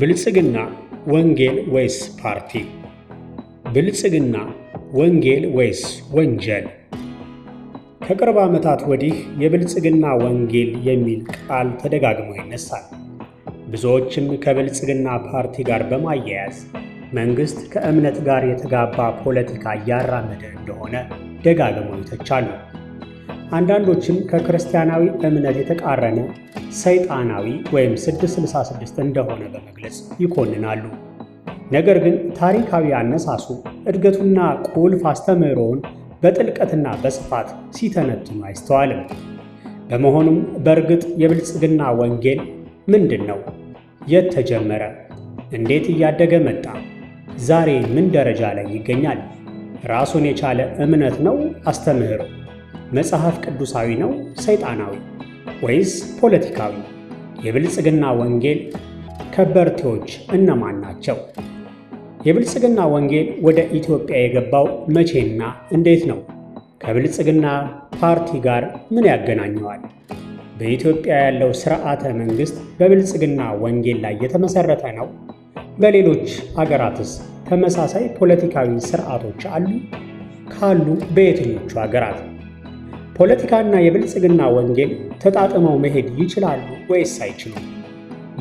ብልጽግና ወንጌል ወይስ ፓርቲ? ብልጽግና ወንጌል ወይስ ወንጀል? ከቅርብ ዓመታት ወዲህ የብልጽግና ወንጌል የሚል ቃል ተደጋግሞ ይነሳል። ብዙዎችም ከብልጽግና ፓርቲ ጋር በማያያዝ መንግሥት ከእምነት ጋር የተጋባ ፖለቲካ እያራመደ እንደሆነ ደጋግሞ ይተቻሉ። አንዳንዶችም ከክርስቲያናዊ እምነት የተቃረነ ሰይጣናዊ ወይም 666 እንደሆነ በመግለጽ ይኮንናሉ። ነገር ግን ታሪካዊ አነሳሱ እድገቱና ቁልፍ አስተምህሮውን በጥልቀትና በስፋት ሲተነትኑ አይስተዋልም። በመሆኑም በእርግጥ የብልጽግና ወንጌል ምንድን ነው? የት ተጀመረ? እንዴት እያደገ መጣ? ዛሬ ምን ደረጃ ላይ ይገኛል? ራሱን የቻለ እምነት ነው? አስተምህሮ መጽሐፍ ቅዱሳዊ ነው? ሰይጣናዊ ወይስ ፖለቲካዊ? የብልጽግና ወንጌል ከበርቴዎች እነማን ናቸው? የብልጽግና ወንጌል ወደ ኢትዮጵያ የገባው መቼና እንዴት ነው? ከብልጽግና ፓርቲ ጋር ምን ያገናኘዋል? በኢትዮጵያ ያለው ስርዓተ መንግስት በብልጽግና ወንጌል ላይ የተመሰረተ ነው? በሌሎች አገራትስ ተመሳሳይ ፖለቲካዊ ስርዓቶች አሉ? ካሉ በየትኞቹ አገራት ፖለቲካና የብልጽግና ወንጌል ተጣጥመው መሄድ ይችላሉ ወይስ አይችሉም?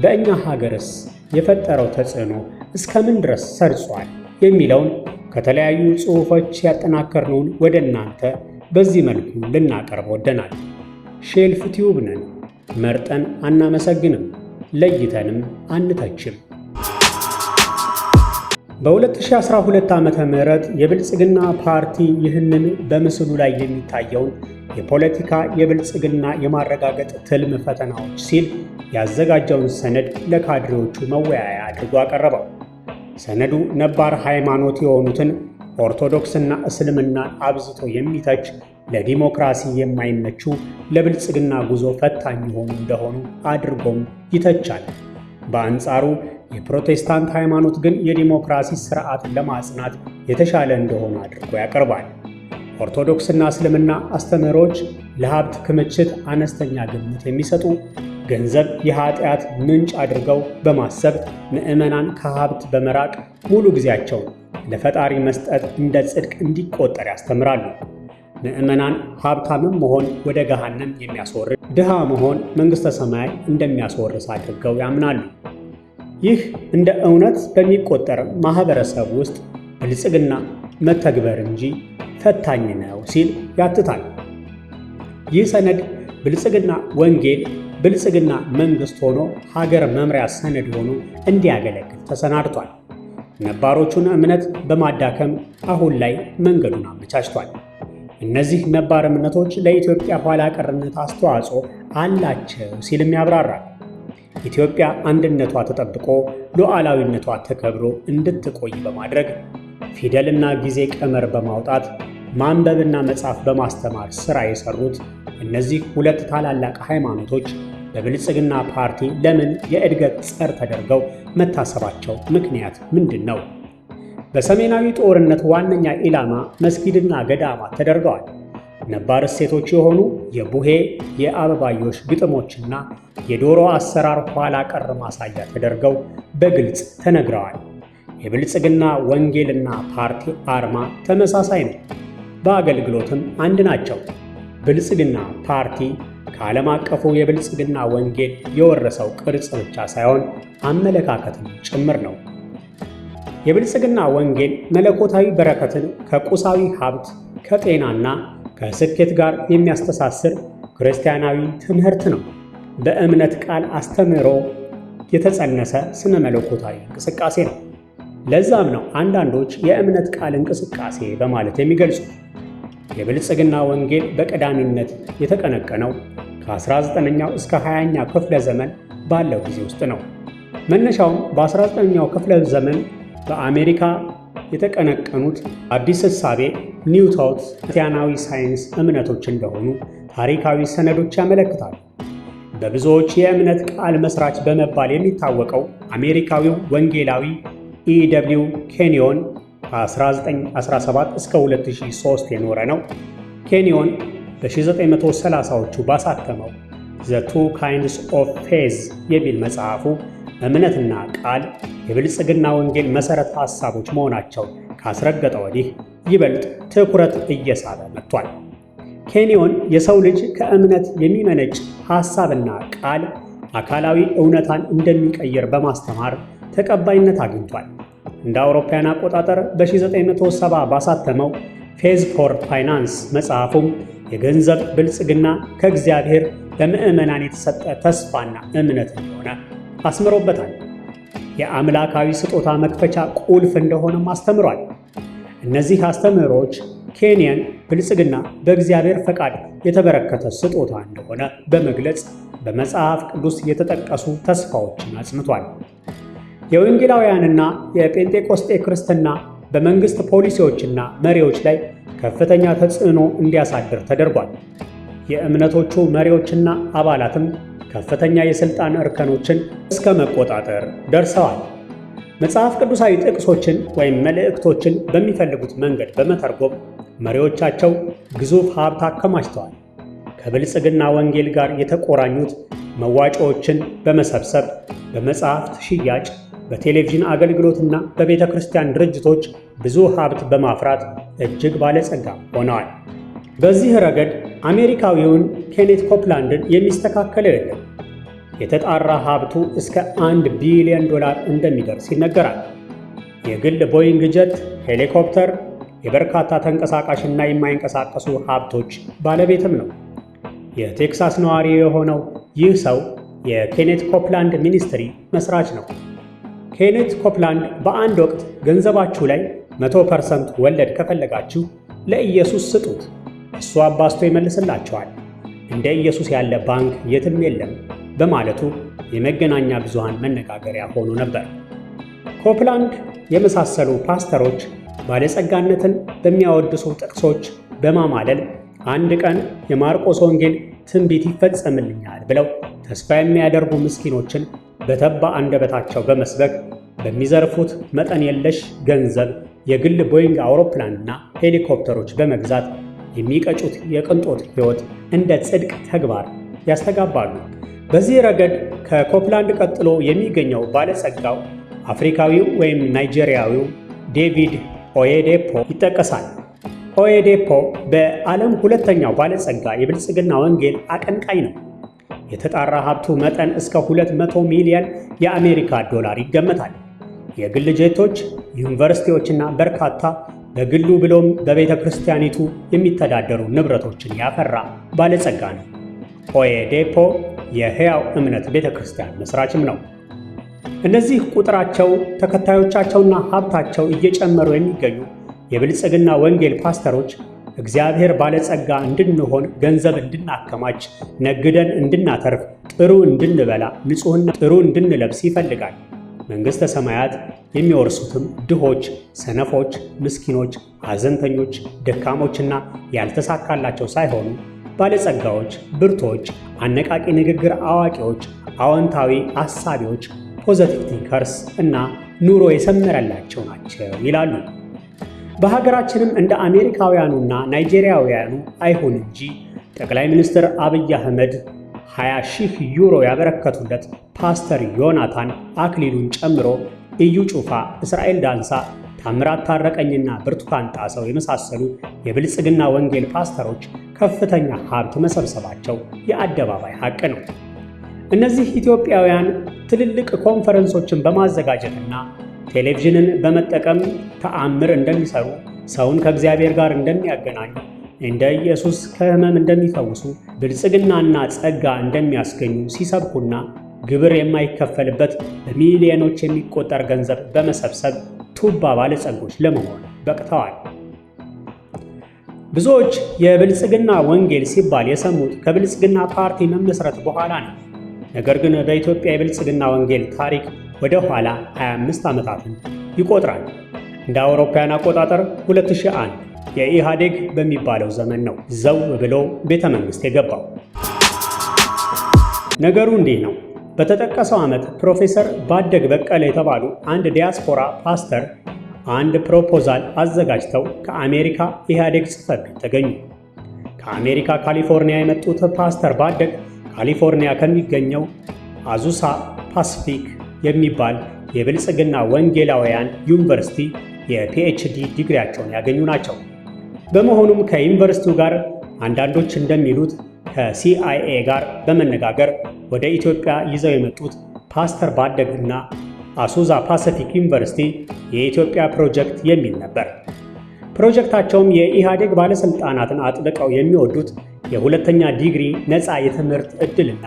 በእኛ ሀገርስ የፈጠረው ተጽዕኖ እስከምን ድረስ ሰርጿል? የሚለውን ከተለያዩ ጽሑፎች ያጠናከርነውን ወደ እናንተ በዚህ መልኩ ልናቀርብ ወደናል። ሼልፍ ቲዩብ ነን። መርጠን አናመሰግንም፣ ለይተንም አንተችም። በ2012 ም የብልጽግና ፓርቲ ይህንን በምስሉ ላይ የሚታየውን የፖለቲካ የብልጽግና የማረጋገጥ ትልም ፈተናዎች ሲል ያዘጋጀውን ሰነድ ለካድሬዎቹ መወያያ አድርጎ አቀረበው። ሰነዱ ነባር ሃይማኖት የሆኑትን ኦርቶዶክስና እስልምናን አብዝቶ የሚተች ለዲሞክራሲ የማይመቹ ለብልጽግና ጉዞ ፈታኝ የሆኑ እንደሆኑ አድርጎም ይተቻል። በአንጻሩ የፕሮቴስታንት ሃይማኖት ግን የዲሞክራሲ ስርዓት ለማጽናት የተሻለ እንደሆኑ አድርጎ ያቀርባል። ኦርቶዶክስና እስልምና አስተምህሮች ለሀብት ክምችት አነስተኛ ግምት የሚሰጡ ገንዘብ የኃጢአት ምንጭ አድርገው በማሰብ ምዕመናን ከሀብት በመራቅ ሙሉ ጊዜያቸውን ለፈጣሪ መስጠት እንደ ጽድቅ እንዲቆጠር ያስተምራሉ። ምዕመናን ሀብታምም መሆን ወደ ገሃነም የሚያስወርድ ድሃ መሆን መንግሥተ ሰማይ እንደሚያስወርስ አድርገው ያምናሉ። ይህ እንደ እውነት በሚቆጠር ማኅበረሰብ ውስጥ ብልጽግና መተግበር እንጂ ፈታኝ ነው ሲል ያትታል። ይህ ሰነድ ብልጽግና ወንጌል ብልጽግና መንግስት ሆኖ ሀገር መምሪያ ሰነድ ሆኖ እንዲያገለግል ተሰናድቷል። ነባሮቹን እምነት በማዳከም አሁን ላይ መንገዱን አመቻችቷል። እነዚህ ነባር እምነቶች ለኢትዮጵያ ኋላ ቀርነት አስተዋጽኦ አላቸው ሲልም ያብራራል። ኢትዮጵያ አንድነቷ ተጠብቆ ሉዓላዊነቷ ተከብሮ እንድትቆይ በማድረግ ፊደልና ጊዜ ቀመር በማውጣት ማንበብና መጻፍ በማስተማር ሥራ የሠሩት እነዚህ ሁለት ታላላቅ ሃይማኖቶች በብልጽግና ፓርቲ ለምን የእድገት ጸር ተደርገው መታሰባቸው ምክንያት ምንድን ነው? በሰሜናዊ ጦርነት ዋነኛ ኢላማ መስጊድና ገዳማት ተደርገዋል። ነባር እሴቶች የሆኑ የቡሄ የአበባዮሽ ግጥሞችና የዶሮ አሰራር ኋላ ቀር ማሳያ ተደርገው በግልጽ ተነግረዋል። የብልጽግና ወንጌልና ፓርቲ አርማ ተመሳሳይ ነው። በአገልግሎትም አንድ ናቸው። ብልጽግና ፓርቲ ከዓለም አቀፉ የብልጽግና ወንጌል የወረሰው ቅርጽ ብቻ ሳይሆን አመለካከትም ጭምር ነው። የብልጽግና ወንጌል መለኮታዊ በረከትን ከቁሳዊ ሀብት ከጤናና ከስኬት ጋር የሚያስተሳስር ክርስቲያናዊ ትምህርት ነው። በእምነት ቃል አስተምህሮ የተጸነሰ ስነ መለኮታዊ እንቅስቃሴ ነው። ለዛም ነው አንዳንዶች የእምነት ቃል እንቅስቃሴ በማለት የሚገልጹ የብልጽግና ወንጌል በቀዳሚነት የተቀነቀነው ከ19ኛው እስከ 20ኛ ክፍለ ዘመን ባለው ጊዜ ውስጥ ነው። መነሻውም በ19ኛው ክፍለ ዘመን በአሜሪካ የተቀነቀኑት አዲስ እሳቤ ኒው ታውት ክርስቲያናዊ ሳይንስ እምነቶች እንደሆኑ ታሪካዊ ሰነዶች ያመለክታሉ። በብዙዎች የእምነት ቃል መስራች በመባል የሚታወቀው አሜሪካዊው ወንጌላዊ ኢደብሊው ኬንዮን ከ1917 እስከ 2003 የኖረ ነው። ኬንዮን በ1930ዎቹ ባሳተመው ዘ ቱ ካይንድስ ኦፍ ፌዝ የሚል መጽሐፉ እምነትና ቃል የብልጽግና ወንጌል መሠረተ ሐሳቦች መሆናቸው ካስረገጠ ወዲህ ይበልጥ ትኩረት እየሳበ መጥቷል። ኬንዮን የሰው ልጅ ከእምነት የሚመነጭ ሐሳብና ቃል አካላዊ እውነታን እንደሚቀይር በማስተማር ተቀባይነት አግኝቷል። እንደ አውሮፓውያን አቆጣጠር በ1970 ባሳተመው ፌዝ ፎር ፋይናንስ መጽሐፉም የገንዘብ ብልጽግና ከእግዚአብሔር በምዕመናን የተሰጠ ተስፋና እምነት እንደሆነ አስምሮበታል። የአምላካዊ ስጦታ መክፈቻ ቁልፍ እንደሆነም አስተምሯል። እነዚህ አስተምሮች ኬንያን ብልጽግና በእግዚአብሔር ፈቃድ የተበረከተ ስጦታ እንደሆነ በመግለጽ በመጽሐፍ ቅዱስ የተጠቀሱ ተስፋዎችን አጽንቷል። የወንጌላውያንና የጴንጤቆስጤ ክርስትና በመንግሥት ፖሊሲዎችና መሪዎች ላይ ከፍተኛ ተጽዕኖ እንዲያሳድር ተደርጓል። የእምነቶቹ መሪዎችና አባላትም ከፍተኛ የሥልጣን እርከኖችን እስከ መቆጣጠር ደርሰዋል። መጽሐፍ ቅዱሳዊ ጥቅሶችን ወይም መልእክቶችን በሚፈልጉት መንገድ በመተርጎም መሪዎቻቸው ግዙፍ ሀብት አከማችተዋል። ከብልጽግና ወንጌል ጋር የተቆራኙት መዋጮዎችን በመሰብሰብ በመጽሐፍት ሽያጭ በቴሌቪዥን አገልግሎትና በቤተ ክርስቲያን ድርጅቶች ብዙ ሀብት በማፍራት እጅግ ባለጸጋ ሆነዋል። በዚህ ረገድ አሜሪካዊውን ኬኔት ኮፕላንድን የሚስተካከል የለም። የተጣራ ሀብቱ እስከ አንድ ቢሊዮን ዶላር እንደሚደርስ ይነገራል። የግል ቦይንግ ጀት፣ ሄሊኮፕተር፣ የበርካታ ተንቀሳቃሽና የማይንቀሳቀሱ ሀብቶች ባለቤትም ነው። የቴክሳስ ነዋሪ የሆነው ይህ ሰው የኬኔት ኮፕላንድ ሚኒስትሪ መስራች ነው። ኬኔት ኮፕላንድ በአንድ ወቅት ገንዘባችሁ ላይ 100% ወለድ ከፈለጋችሁ ለኢየሱስ ስጡት፣ እሱ አባስቶ ይመልስላችኋል፣ እንደ ኢየሱስ ያለ ባንክ የትም የለም በማለቱ የመገናኛ ብዙሃን መነጋገሪያ ሆኖ ነበር። ኮፕላንድ የመሳሰሉ ፓስተሮች ባለጸጋነትን በሚያወድሱ ጥቅሶች በማማለል አንድ ቀን የማርቆስ ወንጌል ትንቢት ይፈጸምልኛል ብለው ተስፋ የሚያደርጉ ምስኪኖችን በተባ አንደበታቸው በመስበክ በሚዘርፉት መጠን የለሽ ገንዘብ የግል ቦይንግ አውሮፕላንና ሄሊኮፕተሮች በመግዛት የሚቀጩት የቅንጦት ሕይወት እንደ ጽድቅ ተግባር ያስተጋባሉ። በዚህ ረገድ ከኮፕላንድ ቀጥሎ የሚገኘው ባለጸጋው አፍሪካዊው ወይም ናይጄሪያዊው ዴቪድ ኦየዴፖ ይጠቀሳል። ኦየዴፖ በዓለም ሁለተኛው ባለጸጋ የብልጽግና ወንጌል አቀንቃኝ ነው። የተጣራ ሀብቱ መጠን እስከ 200 ሚሊዮን የአሜሪካ ዶላር ይገመታል። የግል ጄቶች፣ ዩኒቨርሲቲዎችና በርካታ በግሉ ብሎም በቤተ ክርስቲያኒቱ የሚተዳደሩ ንብረቶችን ያፈራ ባለጸጋ ነው። ኦዬዴፖ የሕያው እምነት ቤተ ክርስቲያን መስራችም ነው። እነዚህ ቁጥራቸው ተከታዮቻቸውና ሀብታቸው እየጨመሩ የሚገኙ የብልጽግና ወንጌል ፓስተሮች እግዚአብሔር ባለጸጋ እንድንሆን ገንዘብ እንድናከማች፣ ነግደን እንድናተርፍ፣ ጥሩ እንድንበላ፣ ንጹሕና ጥሩ እንድንለብስ ይፈልጋል። መንግሥተ ሰማያት የሚወርሱትም ድሆች፣ ሰነፎች፣ ምስኪኖች፣ ሐዘንተኞች፣ ደካሞችና ያልተሳካላቸው ሳይሆኑ ባለጸጋዎች፣ ብርቶች፣ አነቃቂ ንግግር አዋቂዎች፣ አዎንታዊ አሳቢዎች፣ ፖዘቲቭ ቲንከርስ እና ኑሮ የሰመረላቸው ናቸው ይላሉ። በሀገራችንም እንደ አሜሪካውያኑና ናይጄሪያውያኑ አይሁን እንጂ ጠቅላይ ሚኒስትር አብይ አህመድ 20 ሺህ ዩሮ ያበረከቱለት ፓስተር ዮናታን አክሊሉን ጨምሮ ኢዩ ጩፋ፣ እስራኤል ዳንሳ፣ ታምራት ታረቀኝና ብርቱካን ጣሰው የመሳሰሉ የብልጽግና ወንጌል ፓስተሮች ከፍተኛ ሀብት መሰብሰባቸው የአደባባይ ሀቅ ነው። እነዚህ ኢትዮጵያውያን ትልልቅ ኮንፈረንሶችን በማዘጋጀትና ቴሌቪዥንን በመጠቀም ተአምር እንደሚሰሩ፣ ሰውን ከእግዚአብሔር ጋር እንደሚያገናኙ፣ እንደ ኢየሱስ ከህመም እንደሚፈውሱ፣ ብልጽግናና ጸጋ እንደሚያስገኙ ሲሰብኩና ግብር የማይከፈልበት በሚሊዮኖች የሚቆጠር ገንዘብ በመሰብሰብ ቱባ ባለጸጎች ለመሆን በቅተዋል። ብዙዎች የብልጽግና ወንጌል ሲባል የሰሙት ከብልጽግና ፓርቲ መመስረት በኋላ ነው። ነገር ግን በኢትዮጵያ የብልጽግና ወንጌል ታሪክ ወደ ኋላ 25 ዓመታትን ይቆጥራል። እንደ አውሮፓውያን አቆጣጠር 2001 የኢህአዴግ በሚባለው ዘመን ነው ዘው ብሎ ቤተ መንግሥት የገባው። ነገሩ እንዲህ ነው። በተጠቀሰው ዓመት ፕሮፌሰር ባደግ በቀለ የተባሉ አንድ ዲያስፖራ ፓስተር አንድ ፕሮፖዛል አዘጋጅተው ከአሜሪካ ኢህአዴግ ጽሕፈት ቤት ተገኙ። ከአሜሪካ ካሊፎርኒያ የመጡት ፓስተር ባደግ ካሊፎርኒያ ከሚገኘው አዙሳ ፓሲፊክ የሚባል የብልጽግና ወንጌላውያን ዩኒቨርሲቲ የፒኤችዲ ዲግሪያቸውን ያገኙ ናቸው። በመሆኑም ከዩኒቨርሲቲው ጋር አንዳንዶች እንደሚሉት ከሲአይኤ ጋር በመነጋገር ወደ ኢትዮጵያ ይዘው የመጡት ፓስተር ባደግና አሱዛ ፓሲፊክ ዩኒቨርሲቲ የኢትዮጵያ ፕሮጀክት የሚል ነበር። ፕሮጀክታቸውም የኢህአዴግ ባለሥልጣናትን አጥብቀው የሚወዱት የሁለተኛ ዲግሪ ነፃ የትምህርት ዕድልና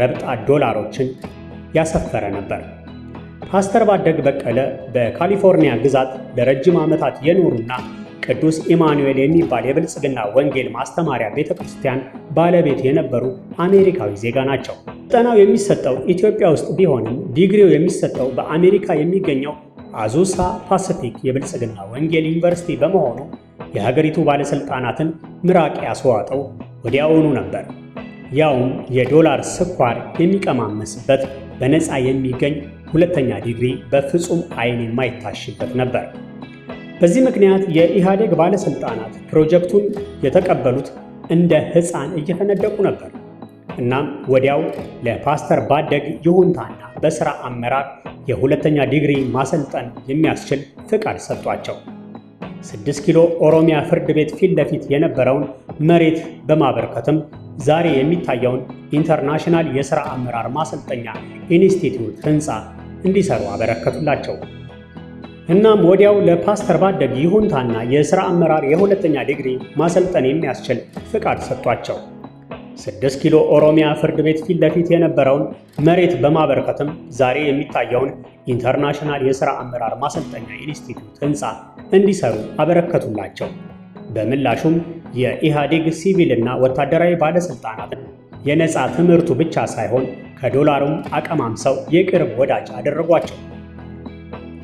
ረብጣ ዶላሮችን ያሰፈረ ነበር። ፓስተር ባደግ በቀለ በካሊፎርኒያ ግዛት ለረጅም ዓመታት የኖሩና ቅዱስ ኢማኑኤል የሚባል የብልጽግና ወንጌል ማስተማሪያ ቤተ ክርስቲያን ባለቤት የነበሩ አሜሪካዊ ዜጋ ናቸው። ስልጠናው የሚሰጠው ኢትዮጵያ ውስጥ ቢሆንም ዲግሪው የሚሰጠው በአሜሪካ የሚገኘው አዙሳ ፓሲፊክ የብልጽግና ወንጌል ዩኒቨርሲቲ በመሆኑ የሀገሪቱ ባለሥልጣናትን ምራቅ ያስዋጠው ወዲያውኑ ነበር። ያውም የዶላር ስኳር የሚቀማመስበት በነፃ የሚገኝ ሁለተኛ ዲግሪ በፍጹም አይን የማይታሽበት ነበር። በዚህ ምክንያት የኢህአዴግ ባለሥልጣናት ፕሮጀክቱን የተቀበሉት እንደ ሕፃን እየፈነደቁ ነበር። እናም ወዲያው ለፓስተር ባደግ ይሁንታና በሥራ አመራር የሁለተኛ ዲግሪ ማሰልጠን የሚያስችል ፍቃድ ሰጧቸው። ስድስት ኪሎ ኦሮሚያ ፍርድ ቤት ፊት ለፊት የነበረውን መሬት በማበርከትም ዛሬ የሚታየውን ኢንተርናሽናል የሥራ አመራር ማሰልጠኛ ኢንስቲትዩት ሕንፃ እንዲሰሩ አበረከቱላቸው። እናም ወዲያው ለፓስተር ባደግ ይሁንታና የሥራ አመራር የሁለተኛ ዲግሪ ማሰልጠን የሚያስችል ፍቃድ ሰጧቸው። ስድስት ኪሎ ኦሮሚያ ፍርድ ቤት ፊት ለፊት የነበረውን መሬት በማበርከትም ዛሬ የሚታየውን ኢንተርናሽናል የሥራ አመራር ማሰልጠኛ ኢንስቲትዩት ሕንፃ እንዲሰሩ አበረከቱላቸው። በምላሹም የኢህአዴግ ሲቪልና ወታደራዊ ባለሥልጣናትን የነፃ ትምህርቱ ብቻ ሳይሆን ከዶላሩም አቀማምሰው የቅርብ ወዳጅ አደረጓቸው።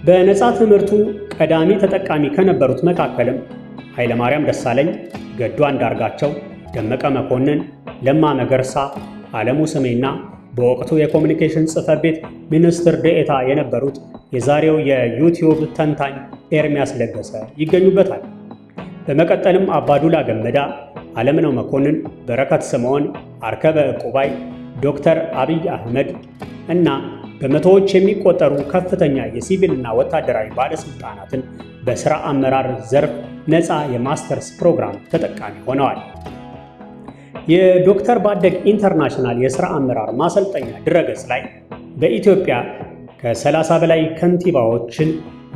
በነፃ ትምህርቱ ቀዳሚ ተጠቃሚ ከነበሩት መካከልም ኃይለማርያም ደሳለኝ፣ ገዱ አንዳርጋቸው፣ ደመቀ መኮንን፣ ለማ መገርሳ፣ አለሙ ስሜና በወቅቱ የኮሚኒኬሽን ጽህፈት ቤት ሚኒስትር ደኤታ የነበሩት የዛሬው የዩቲዩብ ተንታኝ ኤርሚያስ ለገሰ ይገኙበታል። በመቀጠልም አባዱላ ገመዳ፣ አለምነው መኮንን፣ በረከት ስምዖን፣ አርከበ ዕቁባይ፣ ዶክተር አብይ አህመድ እና በመቶዎች የሚቆጠሩ ከፍተኛ የሲቪልና ወታደራዊ ባለሥልጣናትን በሥራ አመራር ዘርፍ ነፃ የማስተርስ ፕሮግራም ተጠቃሚ ሆነዋል። የዶክተር ባደግ ኢንተርናሽናል የሥራ አመራር ማሰልጠኛ ድረገጽ ላይ በኢትዮጵያ ከ30 በላይ ከንቲባዎችን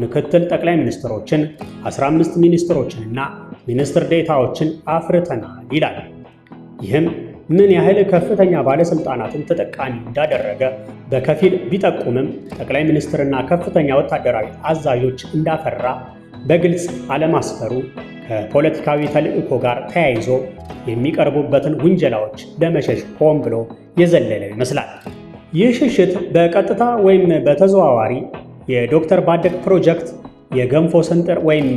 ምክትል ጠቅላይ ሚኒስትሮችን 15 ሚኒስትሮችንና ሚኒስትር ዴታዎችን አፍርተናል ይላል። ይህም ምን ያህል ከፍተኛ ባለስልጣናትን ተጠቃሚ እንዳደረገ በከፊል ቢጠቁምም ጠቅላይ ሚኒስትርና ከፍተኛ ወታደራዊ አዛዦች እንዳፈራ በግልጽ አለማስፈሩ ከፖለቲካዊ ተልዕኮ ጋር ተያይዞ የሚቀርቡበትን ውንጀላዎች ለመሸሽ ሆን ብሎ የዘለለው ይመስላል። ይህ ሽሽት በቀጥታ ወይም በተዘዋዋሪ የዶክተር ባደግ ፕሮጀክት የገንፎ ስንጥር ወይም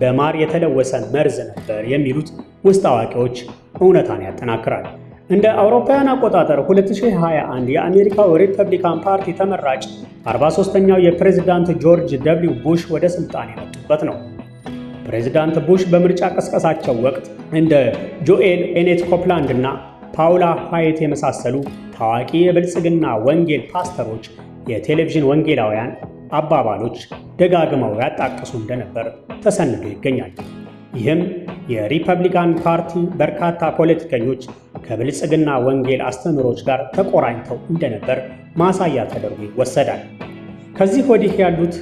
በማር የተለወሰ መርዝ ነበር የሚሉት ውስጥ አዋቂዎች እውነታን ያጠናክራል። እንደ አውሮፓውያን አቆጣጠር 2021 የአሜሪካው ሪፐብሊካን ፓርቲ ተመራጭ 43ኛው የፕሬዝዳንት ጆርጅ ደብሊው ቡሽ ወደ ስልጣን የመጡበት ነው። ፕሬዝዳንት ቡሽ በምርጫ ቀስቀሳቸው ወቅት እንደ ጆኤል ኤኔት ኮፕላንድ እና ፓውላ ኋይት የመሳሰሉ ታዋቂ የብልጽግና ወንጌል ፓስተሮች የቴሌቪዥን ወንጌላውያን አባባሎች ደጋግመው ያጣቅሱ እንደነበር ተሰንዶ ይገኛል። ይህም የሪፐብሊካን ፓርቲ በርካታ ፖለቲከኞች ከብልጽግና ወንጌል አስተምህሮች ጋር ተቆራኝተው እንደነበር ማሳያ ተደርጎ ይወሰዳል። ከዚህ ወዲህ ያሉት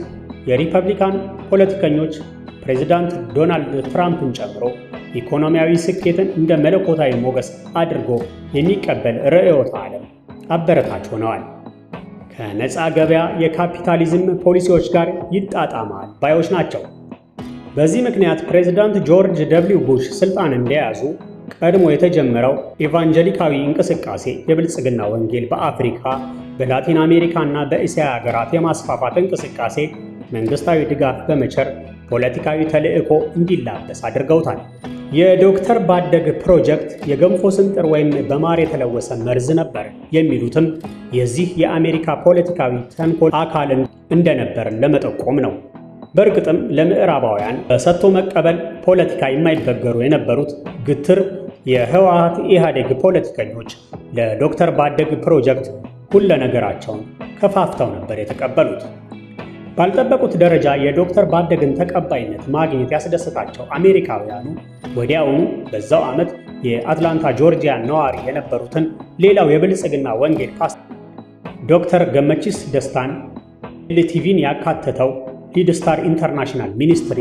የሪፐብሊካን ፖለቲከኞች ፕሬዚዳንት ዶናልድ ትራምፕን ጨምሮ ኢኮኖሚያዊ ስኬትን እንደ መለኮታዊ ሞገስ አድርጎ የሚቀበል ርዕዮተ ዓለም አበረታች ሆነዋል። ከነፃ ገበያ የካፒታሊዝም ፖሊሲዎች ጋር ይጣጣማል ባዮች ናቸው። በዚህ ምክንያት ፕሬዝዳንት ጆርጅ ደብሊው ቡሽ ስልጣን እንደያዙ ቀድሞ የተጀመረው ኤቫንጀሊካዊ እንቅስቃሴ የብልጽግና ወንጌል በአፍሪካ በላቲን አሜሪካ እና በእስያ ሀገራት የማስፋፋት እንቅስቃሴ መንግስታዊ ድጋፍ በመቸር ፖለቲካዊ ተልዕኮ እንዲላበስ አድርገውታል። የዶክተር ባደግ ፕሮጀክት የገንፎ ስንጥር ወይም በማር የተለወሰ መርዝ ነበር የሚሉትም የዚህ የአሜሪካ ፖለቲካዊ ተንኮል አካል እንደነበር ለመጠቆም ነው። በእርግጥም ለምዕራባውያን በሰጥቶ መቀበል ፖለቲካ የማይበገሩ የነበሩት ግትር የህወሓት ኢህአዴግ ፖለቲከኞች ለዶክተር ባደግ ፕሮጀክት ሁለ ነገራቸውን ከፋፍተው ነበር የተቀበሉት። ባልጠበቁት ደረጃ የዶክተር ባደግን ተቀባይነት ማግኘት ያስደሰታቸው አሜሪካውያኑ ወዲያውኑ በዛው ዓመት የአትላንታ ጆርጂያ ነዋሪ የነበሩትን ሌላው የብልጽግና ወንጌል ፓስተር ዶክተር ገመችስ ደስታን ኤልቲቪን ያካተተው ሊድስታር ኢንተርናሽናል ሚኒስትሪ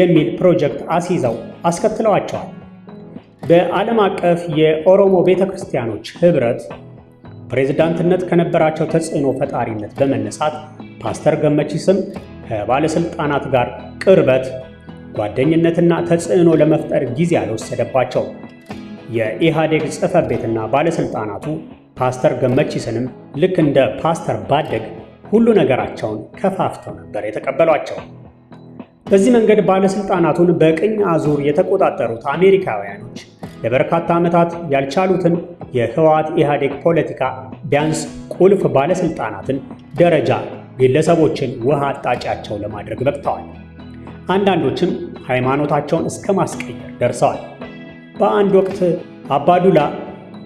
የሚል ፕሮጀክት አስይዘው አስከትለዋቸዋል። በዓለም አቀፍ የኦሮሞ ቤተ ክርስቲያኖች ኅብረት ፕሬዝዳንትነት ከነበራቸው ተጽዕኖ ፈጣሪነት በመነሳት ፓስተር ገመቺስም ከባለሥልጣናት ጋር ቅርበት፣ ጓደኝነትና ተጽዕኖ ለመፍጠር ጊዜ አልወሰደባቸው። የኢህአዴግ ጽህፈት ቤትና ባለሥልጣናቱ ፓስተር ገመቺስንም ልክ እንደ ፓስተር ባደግ ሁሉ ነገራቸውን ከፋፍተው ነበር የተቀበሏቸው። በዚህ መንገድ ባለሥልጣናቱን በቅኝ አዙር የተቆጣጠሩት አሜሪካውያኖች ለበርካታ ዓመታት ያልቻሉትን የህወሓት ኢህአዴግ ፖለቲካ ቢያንስ ቁልፍ ባለሥልጣናትን ደረጃ ግለሰቦችን ውሃ አጣጫቸው ለማድረግ በቅተዋል። አንዳንዶችም ሃይማኖታቸውን እስከ ማስቀየር ደርሰዋል። በአንድ ወቅት አባዱላ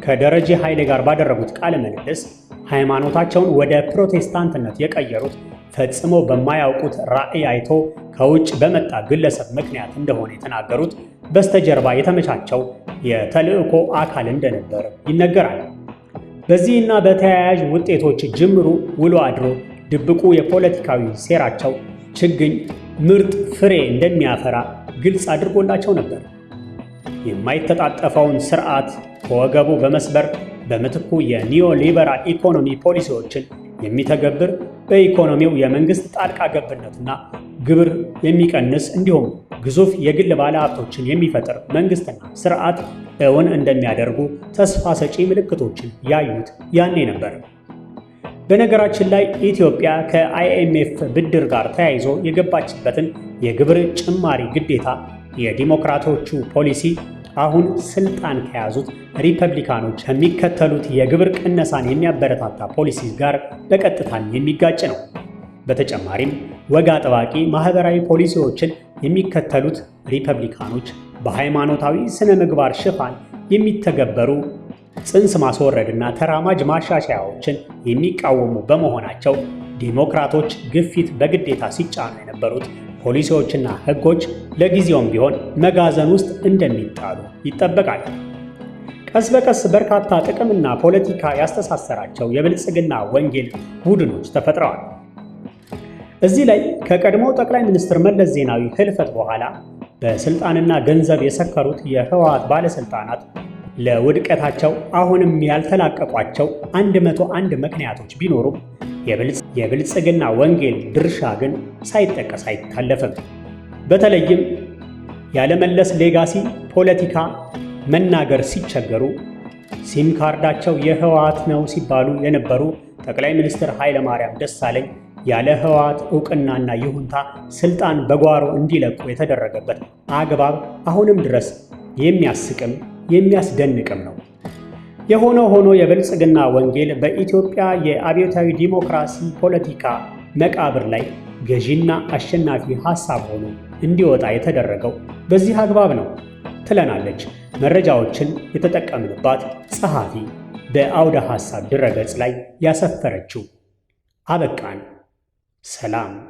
ከደረጀ ኃይሌ ጋር ባደረጉት ቃለ ምልልስ ሃይማኖታቸውን ወደ ፕሮቴስታንትነት የቀየሩት ፈጽሞ በማያውቁት ራዕይ አይቶ ከውጭ በመጣ ግለሰብ ምክንያት እንደሆነ የተናገሩት በስተጀርባ የተመቻቸው የተልዕኮ አካል እንደነበር ይነገራል። በዚህና በተያያዥ ውጤቶች ጅምሩ ውሎ አድሮ ድብቁ የፖለቲካዊ ሴራቸው ችግኝ ምርጥ ፍሬ እንደሚያፈራ ግልጽ አድርጎላቸው ነበር። የማይተጣጠፈውን ስርዓት ከወገቡ በመስበር በምትኩ የኒዮሊበራል ኢኮኖሚ ፖሊሲዎችን የሚተገብር በኢኮኖሚው የመንግስት ጣልቃ ገብነትና ግብር የሚቀንስ እንዲሁም ግዙፍ የግል ባለሀብቶችን የሚፈጥር መንግስትና ስርዓት እውን እንደሚያደርጉ ተስፋ ሰጪ ምልክቶችን ያዩት ያኔ ነበር። በነገራችን ላይ ኢትዮጵያ ከአይኤምኤፍ ብድር ጋር ተያይዞ የገባችበትን የግብር ጭማሪ ግዴታ የዲሞክራቶቹ ፖሊሲ አሁን ስልጣን ከያዙት ሪፐብሊካኖች ከሚከተሉት የግብር ቅነሳን የሚያበረታታ ፖሊሲ ጋር በቀጥታም የሚጋጭ ነው። በተጨማሪም ወግ አጥባቂ ማህበራዊ ፖሊሲዎችን የሚከተሉት ሪፐብሊካኖች በሃይማኖታዊ ስነ ምግባር ሽፋን የሚተገበሩ ጽንስ ማስወረድና ተራማጅ ማሻሻያዎችን የሚቃወሙ በመሆናቸው ዲሞክራቶች ግፊት በግዴታ ሲጫኑ የነበሩት ፖሊሲዎችና ሕጎች ለጊዜውም ቢሆን መጋዘን ውስጥ እንደሚጣሉ ይጠበቃል። ቀስ በቀስ በርካታ ጥቅምና ፖለቲካ ያስተሳሰራቸው የብልጽግና ወንጌል ቡድኖች ተፈጥረዋል። እዚህ ላይ ከቀድሞው ጠቅላይ ሚኒስትር መለስ ዜናዊ ህልፈት በኋላ በስልጣንና ገንዘብ የሰከሩት የህወሓት ባለስልጣናት ለውድቀታቸው አሁንም ያልተላቀቋቸው 101 ምክንያቶች ቢኖሩም የብልጽግና ወንጌል ድርሻ ግን ሳይጠቀስ አይታለፍም። በተለይም ያለመለስ ሌጋሲ ፖለቲካ መናገር ሲቸገሩ ሲም ካርዳቸው የህወሓት ነው ሲባሉ የነበሩ ጠቅላይ ሚኒስትር ኃይለማርያም ደሳለኝ ያለ ህወሓት እውቅናና ይሁንታ ስልጣን በጓሮ እንዲለቁ የተደረገበት አግባብ አሁንም ድረስ የሚያስቅም የሚያስደንቅም ነው። የሆነ ሆኖ የብልጽግና ወንጌል በኢትዮጵያ የአብዮታዊ ዲሞክራሲ ፖለቲካ መቃብር ላይ ገዢና አሸናፊ ሐሳብ ሆኖ እንዲወጣ የተደረገው በዚህ አግባብ ነው ትለናለች መረጃዎችን የተጠቀምንባት ጸሐፊ በአውደ ሐሳብ ድረገጽ ላይ ያሰፈረችው። አበቃን። ሰላም